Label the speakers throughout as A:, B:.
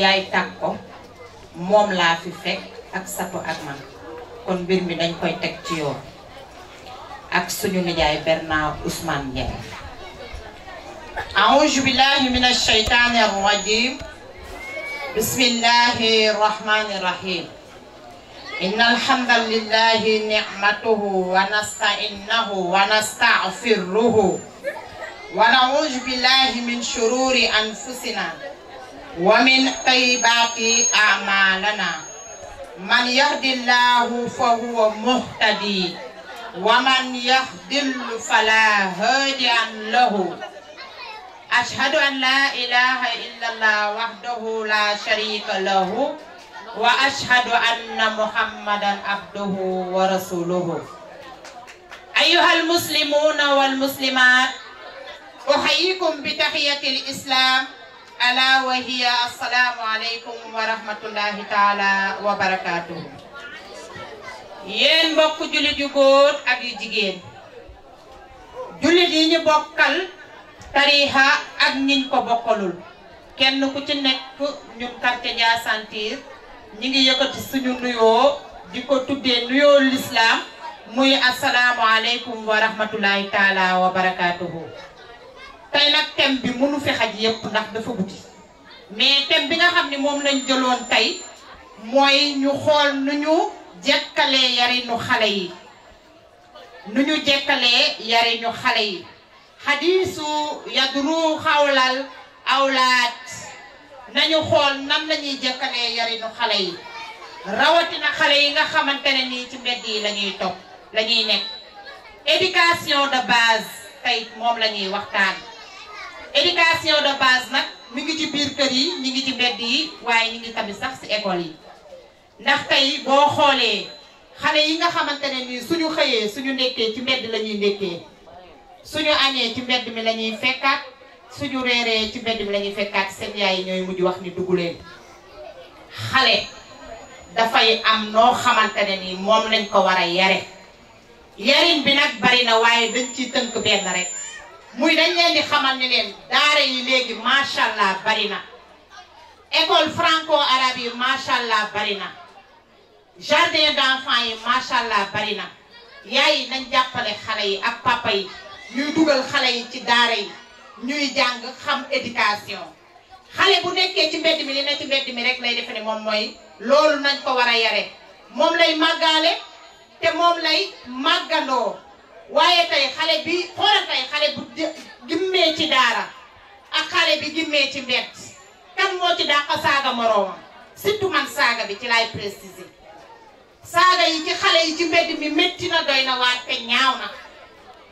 A: yaay tàgg ko moom laa fi fekk ak sato ak man kon mbir mi dañ koy teg ci yoon ak suñu nijaay Bernard Ousmane Ndiaye أعوذ بالله من الشيطان الرجيم بسم الله الرحمن الرحيم إن الحمد لله نعمته ونستعينه ونستغفره ونعوذ بالله من شرور أنفسنا ومن طيبات أعمالنا من يهد الله فهو مهتدي ومن يخذل فلا هادي له أشهد أن لا إله إلا الله وحده لا شريك له وأشهد أن محمدا عبده ورسوله أيها المسلمون والمسلمات أحييكم بتحية الإسلام ala wa hiya assalaamu aleykum wa rahmatullahi taala wa barakaatuhu yéen mbokk jullit yu góor ak yu jigéen jullit yi ñu bokkal tariixa ak ñiñ ko bokkalul kenn ku ci nekk ñun quartier Ndiassane ñi ngi yëkkati suñu nuyoo di ko tuddee nuyoo lislaam muy assalaamu aleykum wa rahmatullahi taala wa barakaatuhu tey nag thème bi mënu fi xaj yépp ndax dafa guddi mais thème bi nga xam ni moom lañ jëloon tey mooy ñu xool nu ñu jekkalee yarinu xale yi nu ñu jekkalee yarinu xale yi xadiisu yadru xawlal awlaat nañu xool nan lañuy jekkalee yarinu xale yi rawatina xale yi nga xamante ne nii ci mbedd yi lañuy ñuy topp la ñuy nekk éducation de base tey moom la ñuy waxtaan éducation de base nag mu ngi ci biir kër yi ñi ngi ci mbedd yi waaye ñi ngi tamit sax si école yi ndax tey boo xoolee xale yi nga xamante ne nii suñu xëyee suñu ndekkee ci mbedd la ñuy ndekkee suñu añee ci mbedd mi la ñuy fekkaat suñu reeree ci mbedd mi la fekkaat seen yaay yi ñooy mujj wax ni dugg leen xale dafay am noo xamante nii moom lañ ko war a yare yarin bi nag bari na waaye dañ ci tënk benn rek muy dañ leen di xamal ni leen daara yi léegi macha allah bari na école franco arabe yi macha allah bari na jardin d'enfants yi macha allah bari na yaay yi nañ jàppale xale yi ak papa yi ñuy dugal xale yi ci daara yi ñuy jàng xam éducation xale bu nekkee ci mbedd mi li na ci mbedd mi rek lay defe ne moom mooy loolu nañ ko war a yare moom lay màggaale te moom lay màggandoo waaye tey xale bi xoolal tey xale bu gimmee ci daara ak xale bi gimmee ci mbedd kan moo ci dàq saaga moroomam surtout man saaga bi ci laay préciser saaga yi ci xale yi ci mbedd mi métti na doy na waar te ñaaw na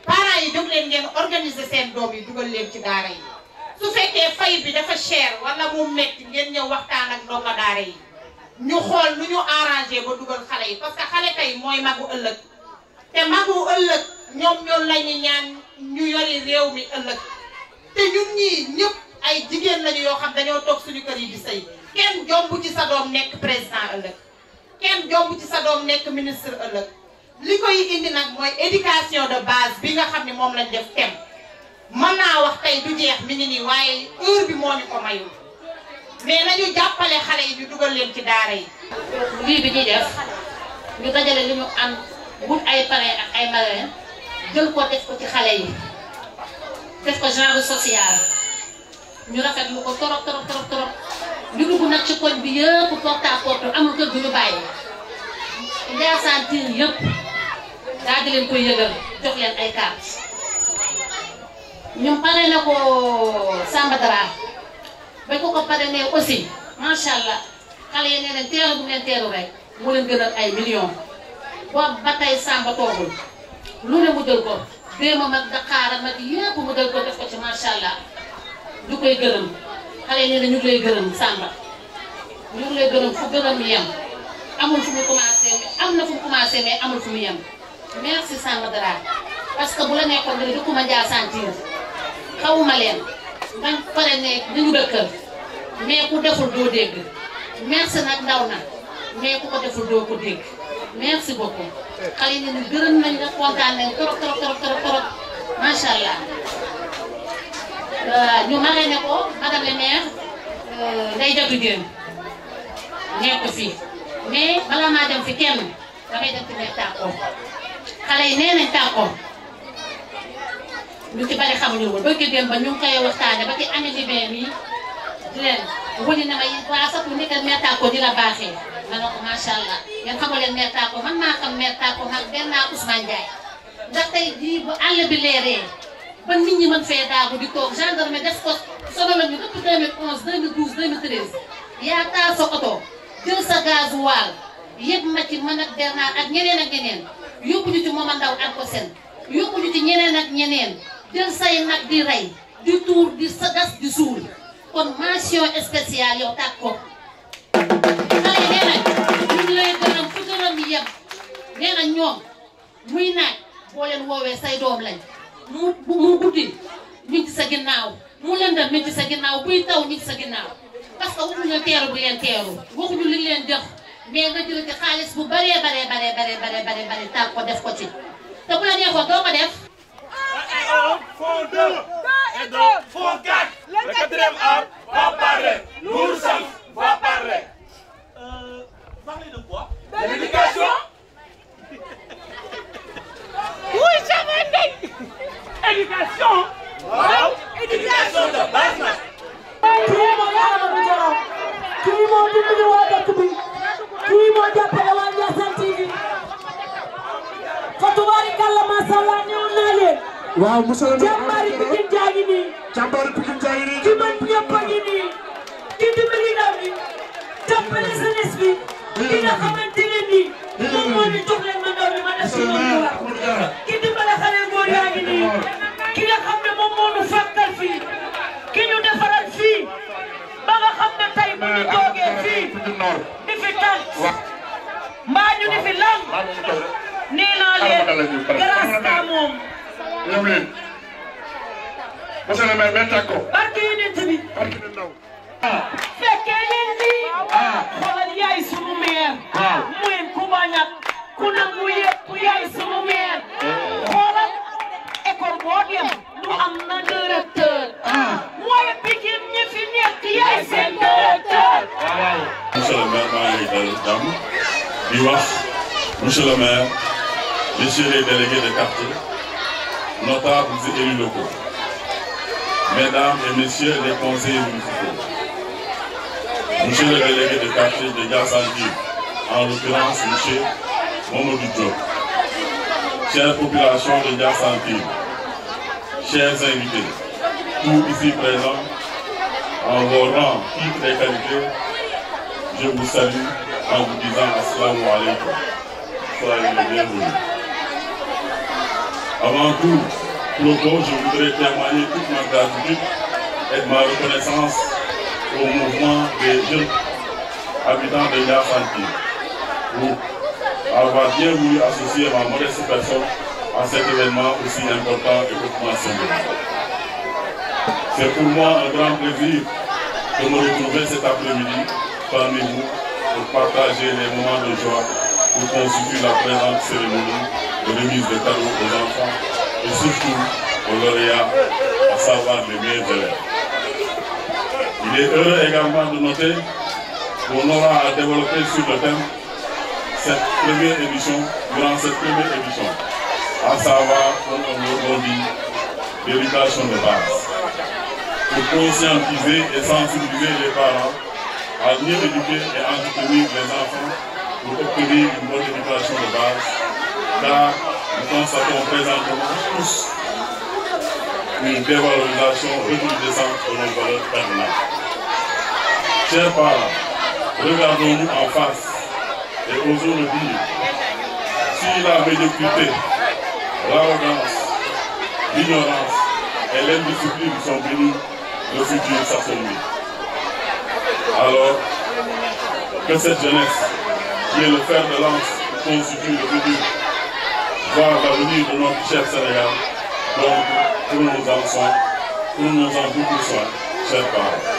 A: parents yi jóg leen ngeen organiser seen doom yi dugal leen ci daara yi su fekkee fay bi dafa cher wala mu métti ngeen ñëw waxtaan ak ndongo daara yi ñu xool lu ñu arrangé ba dugal xale yi parce que xale tey mooy magu ëllëg te magu ëllëg ñoom ñoom la ñu ñaan ñu yori réew mi ëllëg te ñun ñii ñëpp ay jigéen lañu yoo xam dañoo toog suñu kër yi di sëy kenn jomb ci sa doom nekk président ëllëg kenn jomb ci sa doom nekk ministre ëllëg li koy indi nag mooy éducation de base bi nga xam ne moom lañ def tem mën naa wax tey du jeex mi ñu nii waaye heure bi moo ñu ko mayul mais nañu
B: jàppale xare yi ñu dugal leen ci daara yi.
C: lii bi ñuy def
B: ñu dajale li ñu am wut ay parrain ak ay marraines. jël ko def ko ci xale yi def ko genre social ñu rafetlu ko torop torop torop torop ñu dugg nag ci koñ bi yëpp porte à porte amul kër gu ñu bàyyi Ndiassane Tire yëpp daa di leen koy yëgal jox leen ay carte ñun pare na ko Samba Dara bañ ko ko pare ne aussi macha allah xale yi nee nañ teeru bu leen teeru rek mu leen gënal ay millions boobu ba Samba toogul. lu ne mu jël ko déemam ak daqaaram ak yépp mu jël ko def ko ci macha allah ñu koy gërëm xale yi nee na ñu ngi gërëm Samba ñu ngi gërëm fu gërëm yem amul fu mu commencé mais am na fu mu commencé mais amul fu mu yem merci Samba Dara parce que bu la nekkoon dëgg dëkkuma Ndiaye sentir xawuma leen man pare ne dañu dëkkal mais ku deful doo dégg merci nag ndaw na mais ku ko deful doo ko dégg merci beaucoup. xale yi ñu gërëm nañ la kontaan nañ trop trop trop allah euh, ñu maree ko madame le day jaggu jéem nekk fii mais balaa maa dem fi kenn damay dem ci biir tàkkoon xale yi nee nañ tàkkoon ñu ci bari xamuñu woon ba dem ba ñu ngi waxtaane ba ci année bi yi di leen wëññi na ma waa sax mu nekk di la baaxee. ma ne ko macha allah ngeen xamu leen mère Tako man maa xam mère Tako man benn naa Ousmane Ndiaye ndax tey jii bu àll bi leeree ba nit ñi mën fee daagu di toog gendarme def ko sonaloon ñu depuis 2011 2012 2013 yaa taal sa oto jël sa gasoil yëpp ma ci man ak Bernard ak ñeneen ak ñeneen yóbbu ñu ci Moma Ndaw ak ko seen yóbbu ñu ci ñeneen ak ñeneen jël say nag di rey di tuur di sa gas di suul kon mention spéciale yow Tako. lay gërëm fu gërëm yi yem nee na ñoom muy naaj boo leen woowee say doom lañ mu guddi ñu sa ginnaaw mu lëndëm ñu ci sa ginnaaw buy taw ñu ci sa ginnaaw parce que waxuñu teeru bu leen teeru waxuñu li leen def mais nga jël xaalis bu baree baree baree baree baree baree baree tàgg ko def ko ci te bu la neexoon doo ko def.
C: un font deux et deux font quatre. Le quatrième arbre va Parlez de quoi De l'éducation
D: Oui, Chamandé
C: Éducation Wow Éducation de base
D: kii moo yaakaar bi Jolof kii moo dimbali waa dëkk bi kii waa Ndiassane TV fa tubaarikàlla macha allah ñëw naa leen.
C: waaw monsieur le maire jàmbaari
D: Pikine jaa ngi nii. jàmbaari Pikine jaa ngi nii. ki mën ñëpp a ngi nii. ki dimbali
C: bi. ki nga xamante ne nii moom moo di jox
D: leen ma ndaw li ma def si ñoom ñu wax ki dimbale xale góor yaa ngi nii ki nga xam ne moom fii ki ñu defaral fii ba fii di fi tànn mbaa ñu fi lang nii naa leen grâce à moom.
C: ñoom leen monsieur le maire benn tàkko.
D: barke yu nit bi. barke yu ndaw. fekkee fii. xoolal yaay sunu meer. waaw muy ku bañ a ku nangu yëpp yaay sunu meer. xoolal école boo dem lu am na
C: directeur. Ah. mooy Pikine ñi fi nekk yaay seen directeur. monsieur le maire maa ngi lay jàmm di wax monsieur le maire messieurs les délégués de quartier notables et élus locaux mesdames et messieurs les conseillers municipaux. monsieur le délégué de quartier de Diassangi, en l'occurrence monsieur Mamadou Diop. Chère population de Diassangi, chers invités, tous ici présents, en vos rangs, titres et je vous salue en vous disant Assalamu alaikum. Soyez les Avant tout, propos, je voudrais témoigner toute ma gratitude et ma reconnaissance au mouvement des jeunes habitants de Niafanti pour avoir bien voulu associer ma modeste personne à cet événement aussi important et hautement symbolique. un grand plaisir de me retrouver cet après-midi parmi vous pour partager les moments de joie qui constituent la présente cérémonie de remise de cadeaux et surtout aux lauréats, savoir les meilleurs Il est heureux également de noter qu'on aura à développer sur le thème cette première édition, durant cette première édition, à savoir, comme on dit, l'éducation de base. Pour conscientiser et sensibiliser les parents à mieux éduquer et entretenir les enfants pour obtenir une bonne éducation de base, car nous constatons présentement tous une dévalorisation recrudescente de nos valeurs permanentes. Chers parents, regardons-nous en face et osons le dire. Si la médiocrité, l'arrogance, l'ignorance et l'indiscipline sont bénies, le futur s'assombrit. Alors, que cette jeunesse, qui est le fer de lance, constitue le futur, voir l'avenir de notre Donc, tout le monde en soit, tout le monde en beaucoup soit, chers parents.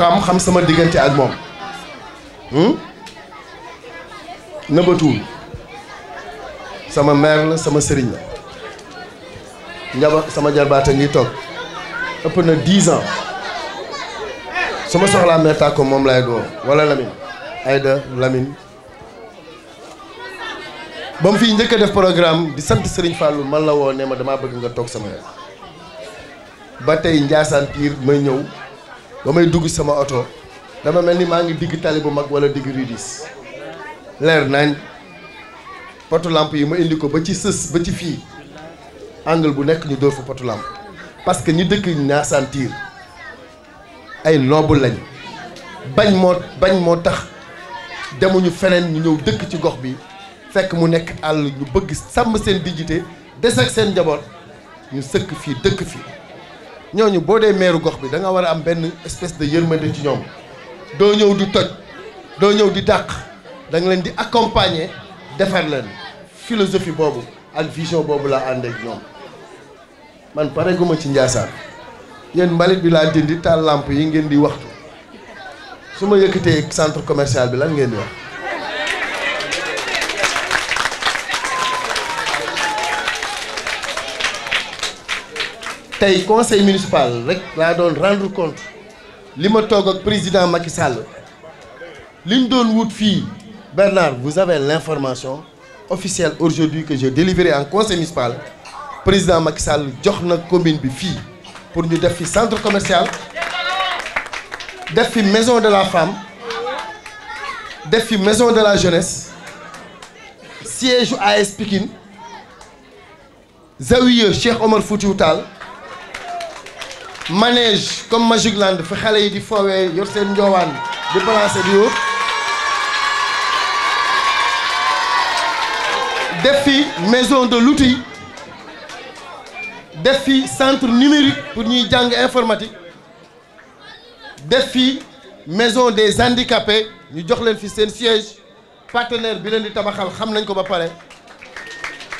E: xam xam sama diggante ak moom hmm? nëbbatuwul sama mère la sama sëriñ la njaba sama jarbaata ngi toog ëpp na dix ans su ma soxlaa mère moom lay doo wala Lamine Aïda Lamine ba mu fiy njëkk def programme di sant sëriñ Fallou man la woo ne ma damaa bëgg nga toog sama yoon ba tey Ndiassane Pire may ñëw ba may dugg sama oto dama mel ni maa ngi digg tali bu mag wala digg ridis leer nañ potu lampe yi ma indi ko ba ci sës ba ci fii angle bu nekk ñu dóor fa potu lampe parce que ñi dëkk Niassane Tyr ay noble lañ bañ moo bañ moo tax demuñu feneen ñu ñëw dëkk ci gox bi fekk mu nekk àll ñu bëgg sàmm seen dignité des ak seen njaboot ñu sëkk fii dëkk fii ñooñu boo dee meeru gox bi danga war a am benn espèce de yërmande ci ñoom doo ñëw di toj doo ñëw di dàq da leen di accompagner defar leen philosophie boobu ak vision boobu laa ànd ñoom man pareeguma ci Ndiassane yéen mbalit bi laa dindi taal lamp yi ngeen di waxtu su ma yëkkatee centre commercial bi lan ngeen di wax. tey conseil municipal rek laa doon rendre compte li ma toog ak président Macky li ñu doon wut fii Bernard vous avez l'information officielle aujourd'hui que j'ai délivré en conseil municipal président Macky Sall jox na commune bi fii pour ñu def fi centre commercial def fi maison de la femme def fi maison de la jeunesse siège u AS Pikine zawiya Cheikh Omar Foutiou Tall manège comme Magic Land fi xale yi di foowee yor seen njoowaan di balancer di wër def fi maison de l'outil def fi centre numérique pour ñuy jàng informatique def fi maison des handicapés ñu jox leen fi seen siège partenaire bi leen di tabaxal xam nañ ko ba pare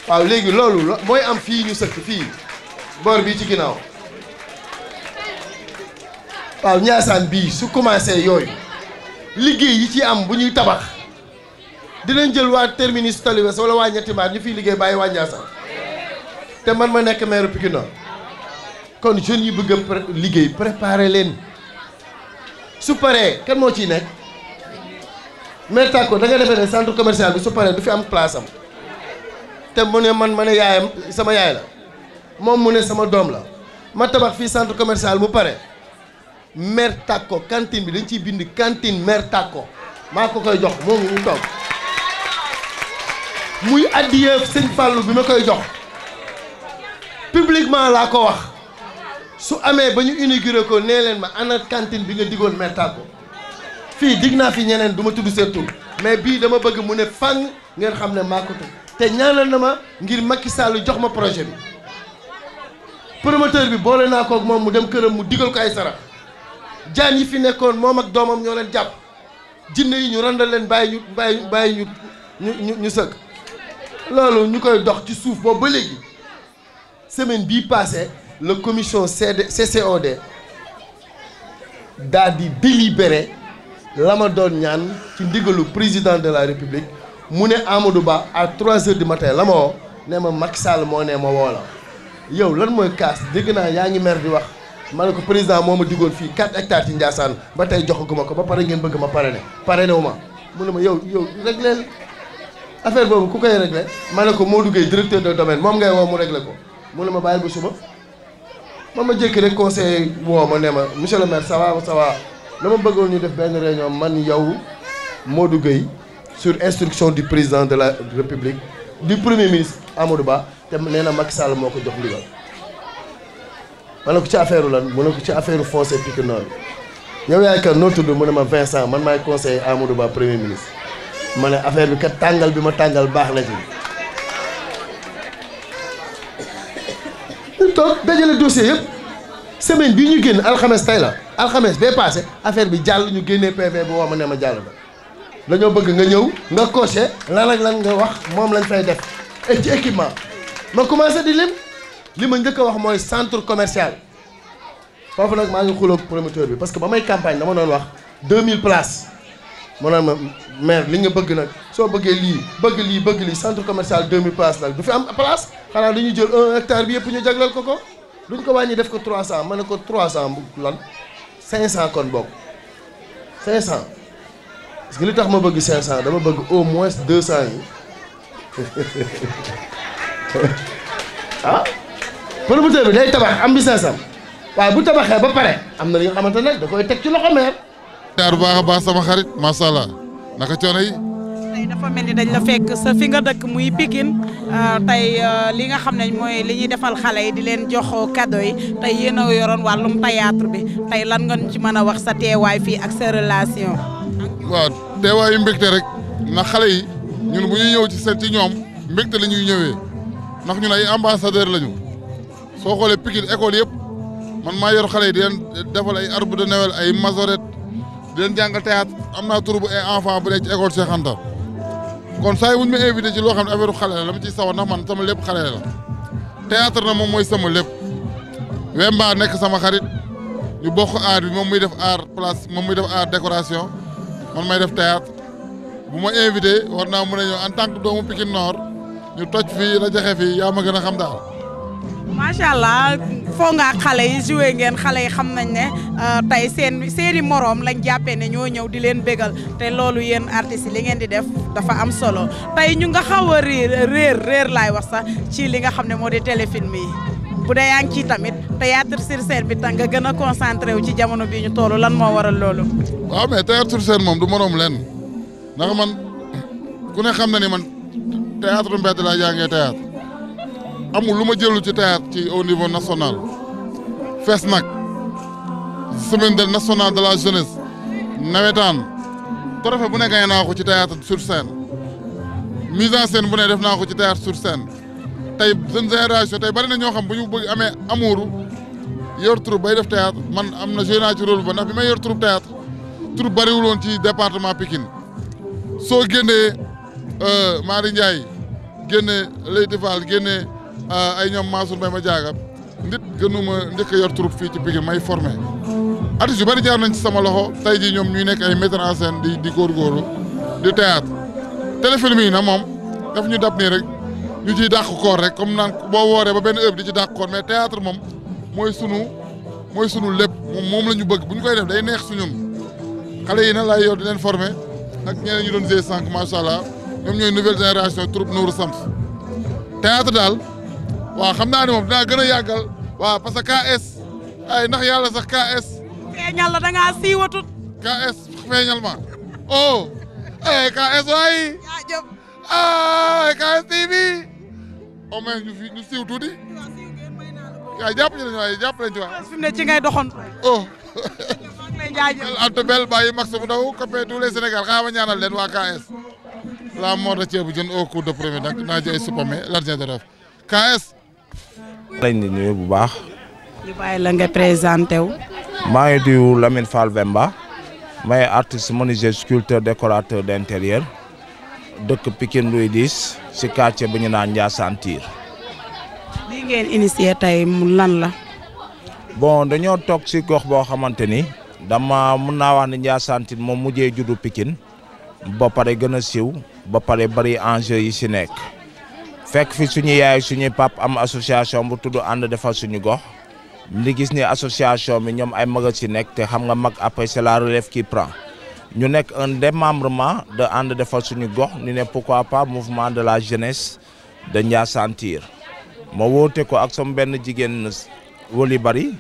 E: waaw léegi loolu mooy am fii ñu sëkk fii boor bii ci ginnaaw. waaw Ndiassane bii su commencé yooyu liggéey yi ci am bu ñuy tabax dinañ jël waa terminus Talibés wala waa ñetti maat ñu fiy liggéey bàyyi waa Ndiassane te man ma nekk maire Pikine kon jeunes yi bëgg a liggéey préparer leen su paree kenn moo ciy nekk maire Tako da nga defee ne bi su paree du fi am place te mu ne man ma ne yaayam sama yaay la moom mu ne sama doom la ma tabax fii centre commercial mu pare. mère ko cantine bi dañ ciy bind cantine mère Tako maa ko koy jox moom mu toog muy addiyee sëñ Fallou bi ma koy jox publiquement laa ko wax su amee ba ñu inauguré ko nee leen ma ana cantine bi nga digoon mère Tako fii digg naa fi ñeneen du ma tudd seen tur mais bii dama bëgg mu ne fang ngeen xam ne maa ko tëj te ñaanal na ma ngir makki Sall jox ma projet bi promoteur bi boole naa ko ak moom mu dem këram mu digal ko ay sara jaan yi fi nekkoon moom ak doomam ñoo leen jàpp jinne yi ñu randal leen bàyyi ñu bàyyi ñu ñu ñu loolu ñu koy dox ci suuf boobu ba léegi semaine bii passé la commission CD CCOD daal di délibéré la ma doon ñaan ci ndigalu président de la république mu ne Amadou Ba à trois heures du matin la ma woo ne ma mag Sall moo ne ma woo la yow lan mooy kaas dégg naa yaa ngi mer di wax ma ne ko président moo ma digoon fii 4 hectares ci Ndiassane ba tey joxaguma ko ba pare ngeen bëgg ma parrainé parrainé wu ma mu ne ma yow yow réglé affaire boobu ku koy réglé ma ne ko moo duggee directeur de domaine moom ngay woo mu réglé ko mu ne ma bàyyi ba suba man ma jékki rek conseiller woo ma ne ma monsieur le maire ça va ça va dama bëggoon ñu def benn réunion man yow moo Gueye sur instruction du président de la république di premier ministre Amadou Ba te nee na Macky Sall moo ko jox ma ne ko ci affaire lan mu ne ko ci affaire foncier Pikine Nord yow yaay kan noo tudd mu ne ma Vincent man maay conseiller Amadou Ba premier ministre ma ne affaire bi kat tàngal bi ma tàngal baax na ci. ñu toog dajale dossier yëpp semaine bii ñu génn alxames tey la alxames bee paase affaire bi jàll ñu génnee PV bi woo ma ne ma jàll na dañoo bëgg nga ñëw nga coché lan ak lan nga wax moom lañ fay def et ci équipement ma commencé di lim. li ma njëkk wax mooy centre commercial foofu nag maa ngi xuloog promoteur bi parce que ba may campagne dama doon wax 2000 places ma doon ma maire li nga bëgg nag soo bëggee lii bëgg lii bëgg lii centre commercial 2000 places nag du fi am place xanaa ñu jël 1 hectare bi yëpp ñu jagleel ko ko duñ ko wàññi def ko 300 ma ne ko 300 bu lan 500 kon bokk 500 parce que li tax ma bëgg 500 dama bëgg au moins 200 yi ah? promoteur bi day tabax am business am waaye bu tabaxee ba pare am na li nga xamante ne da koy teg ci loxo meer. jaar bu baax a baax sama xarit macha allah naka coono yi. tey dafa mel ni dañ la fekk
D: sa fi nga dëkk muy Pikine ah, tey ah, li nga xam ne mooy li ñuy defal xale yi di leen jox cadeau yi tey yéen a yoroon wàllum théâtre bi tey lan nga ci mën a wax sa teewaay fii
F: ak sa relation. waaw teewaayu mbégte rek na xale yi ñun bu ñuy ñëw ci seen ci ñoom mbégte la ñuy ñëwee ndax ñun ay ambassadeur lañu. soo xoolee Pikine école yëpp man maa yor xale yi di leen defal ay arbre de Noël ay mazorette di leen jàngal théâtre am naa tur bu ay enfant bu nekk école Cheikh Anta kon saa yi bu ñu ma invité xam ne affaire xale la dama ciy sawar ndax man sama lépp xale la théâtre na moom mooy sama lépp Wemba nekk sama xarit ñu bokk aar moom muy def aar place moom muy def aar décoration man may def théâtre bu ma invité war naa mën a ñëw en tant que doomu Pikine noor ñu toj fii la jaxe fii yaa ma gën a xam daal macha allah
D: foo nga xale yi joué ngeen xale yi xam nañ ne euh, tey seen seeni moroom lañ jàppee ne ñoo ñëw di leen bégal te loolu yéen artistes li ngeen di def dafa am solo tey ñu nga xaw a réer réer réer laay wax sax ci li nga xam ne moo di téléfilm yi bu dee yaa ci tamit théâtre sur bi tam nga gën a concentré wu ci jamono bii ñu toll lan moo waral loolu.
F: waaw mais théâtre sur moom du moroom lenn ndax man ku ne xam na ni man théâtre mbedd laa jàngee théâtre amul lu ma jëlu ci théâtre ci au niveau national fees nag semaine de nationale de la jeunesse nawetaan trophée bu ne gañe naa ko ci théâtre sur scène mise en scène bu ne def naa ko ci théâtre sur scène tey seen génération tey bari na ñoo xam bu ñu bëgg amee amuuru yor troupe bay def théâtre man am na joué naa ci rôle ba ndax bi may yor troupe théâtre troupe bariwul ci département pikin soo génnee euh, Marie Ndiaye génne génne Ah, ay ñoom Mansour Mbaye ma jaaga nit gënuma njëkk a yor troupe fii ci Pikine may formé artistes yu bari jaar nañ sama loxo tey jii ñoom ñuy nekk ay metteur en scène di di góorgóorlu di théâtre téléfilm yi na moom daf ñu dab nii rek ñu ciy dàq koor rek comme naan boo woore ba benn heure di ci dàq koor mais théâtre moom mooy sunu mooy sunu lépp moom moom ñu bëgg bu ñu koy def day neex su ñun xale yi na laay yor di leen formé ak ñeneen ñu doon g sànq macha allah ñoom ñooy nouvelle génération troupe Nour Sams théâtre daal waaw xam naa ne moom dinaa gën a yàggal waaw parce que KS ay ndax yàlla sax KS. feeñal la da ngaa siiwatut. KS feeñal ma oh ay eh, KS waay. KS TV au moins ñu siiw tuuti. waaw jàpp nañu waaye jàpp nañu ci waaw. fi mu ne ci ngay doxantu. oh. jaajëf Anta Bell bàyyi Max bu ndaw Sénégal xaaral ma ñaanal leen waa KS. la mort de ceebu jën au cours de premier nag naa ji ay suppame l'argent de ref
G: lañ di nuyu bu baax.
D: ñu la nga présenté wu.
G: maa ngi tudd Lamine Fall Vemba may artiste menuisier sculpteur décorateur de intérieur dëkk Pikine Louis diis si quartier bu ñu naan Ndiassane Tyr.
D: lii ngeen initié tey mu lan la.
G: bon dañoo toog si gox boo xamante ni dama mun naa wax ni Ndiassane Tyr moom mujjee juddu pikin ba pare gën a siw ba pare bari enjeu yi si nekk. fekk fi suñu yaay suñuy pap am association bu tudd ànd defar suñu gox li gis ni association bi ñoom ay magal si nekk te xam nga mag après c'est la relève qui prend ñu nekk un démembrement de ànd defar suñu gox ñu ne pourquoi pas mouvement de la jeunesse de Ndiassane Tyr ma woote ko ak sama benn jigéen wali bari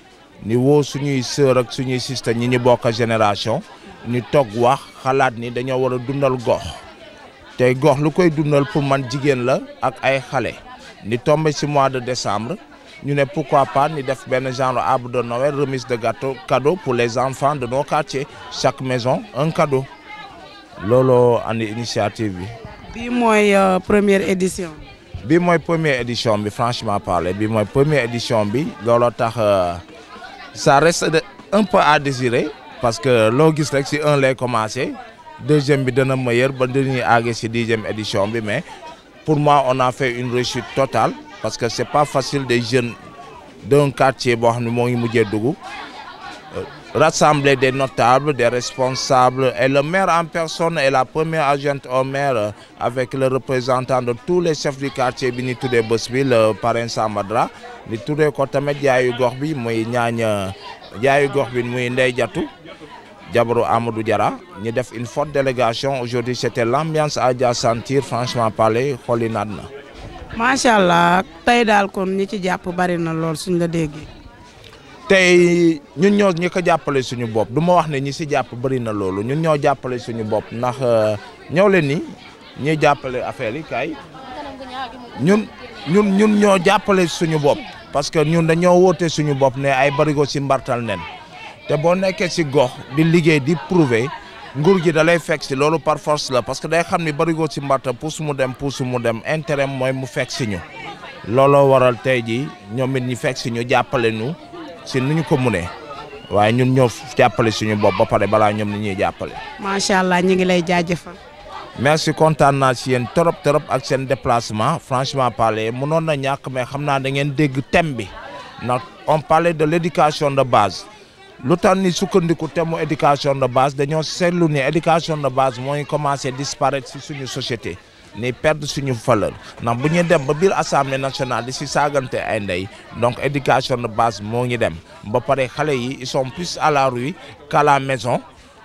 G: ni woo suñuy sœur ak suñuy sister ñi ñu bokk génération ñu toog wax xalaat ni dañoo war a dundal gox tey gox lu koy dundal pour man jigéen la ak ay xale ni tombé si mois de décembre ñu ne pourquoi pas ni def benn genre arbre de Noël remise de gato kado pour les enfants de nos quartiers chaque maison un kado looloo andi initiative bi. bi mooy euh, première édition. bi mooy première édition bi franchement parler bii mooy première édition bi looloo tax euh, ça reste un peu à désirer parce que loo gis rek si un lay commencé. deuxième bi dana meilleur ba dañuy àggee si dixième édition bi mais pour moi on a fait une réussite totale parce que c'est pas facile des jeunes d'un quartier boo xam ne moo ngi mujjee dugg euh, rassembler des notables des responsables et le maire en personne est la première agente au maire avec le représentant de tous les chefs du quartier bi ñu tuddee bés bi le euh, parrain Samadra di tuddee ko tamit yaayu gox bi muy ñaañ jaayi gox bi muy Ndey Jatu jabaru Amadou Diarra ñu def une forte délégation aujourd'hui c'était l'ambiance à Dia sentir franchement parler xooli naat na.
D: macha allah tey daal kon ñi ci jàpp bari na lool suñ la
G: déggee. tey ñun ñoo ñi ko jàppale suñu bopp du ma wax ne ñi si jàpp bari na loolu ñun ñoo jàppale suñu bopp ndax euh, ñëw leen ni ñuy jàppale affaire yi kaay ñun ñun ñun ñoo jàppale suñu bopp parce que ñun dañoo woote suñu bopp ne ay barigo si mbartal nen. te boo nekkee si gox di liggéey di prouver nguur ji da lay fekk si loolu par force la parce que day xam ni barigo si mbatta pour su mu dem pour su mu dem intérêt mooy mu fekk si looloo waral tey ji ñoom it ñi fekk si ñu jàppale ñu si nu ñu ko munee waaye ñun ñoo jàppale suñu bopp ba balaa ñoom ni ñuy jàppale.
D: macha allah ñu ngi lay jaajëfal.
G: merci kontaan naa si yéen trop trop ak seen déplacement franchement parler mënoon na ñàkk mais xam naa da ngeen dégg thème bi ndax on parlait de l'éducation de base. lu tax ni sukkandiku thème éducation de base dañoo seetlu ni éducation de base moo ngi commencé disparaître si suñu société ni perdre suñu valeur ndax bu ñu dem ba biir assemblée nationale di si saagante ay ndey donc éducation de base moo ngi dem ba pare xale yi ils sont plus à la rue qu'à la maison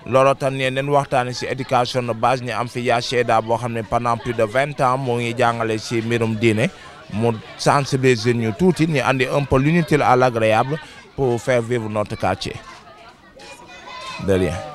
G: looloo tax ne leen waxtaanee si éducation de base ñu am fi yaa Cheyda boo xam ne pendant plus de vingt ans moo ngi jàngale si mbirum diine mu sensibiliser ñu tuuti ñu andi un peu l'inutile à l'agréable pour faire vivre notre quartier. De rien.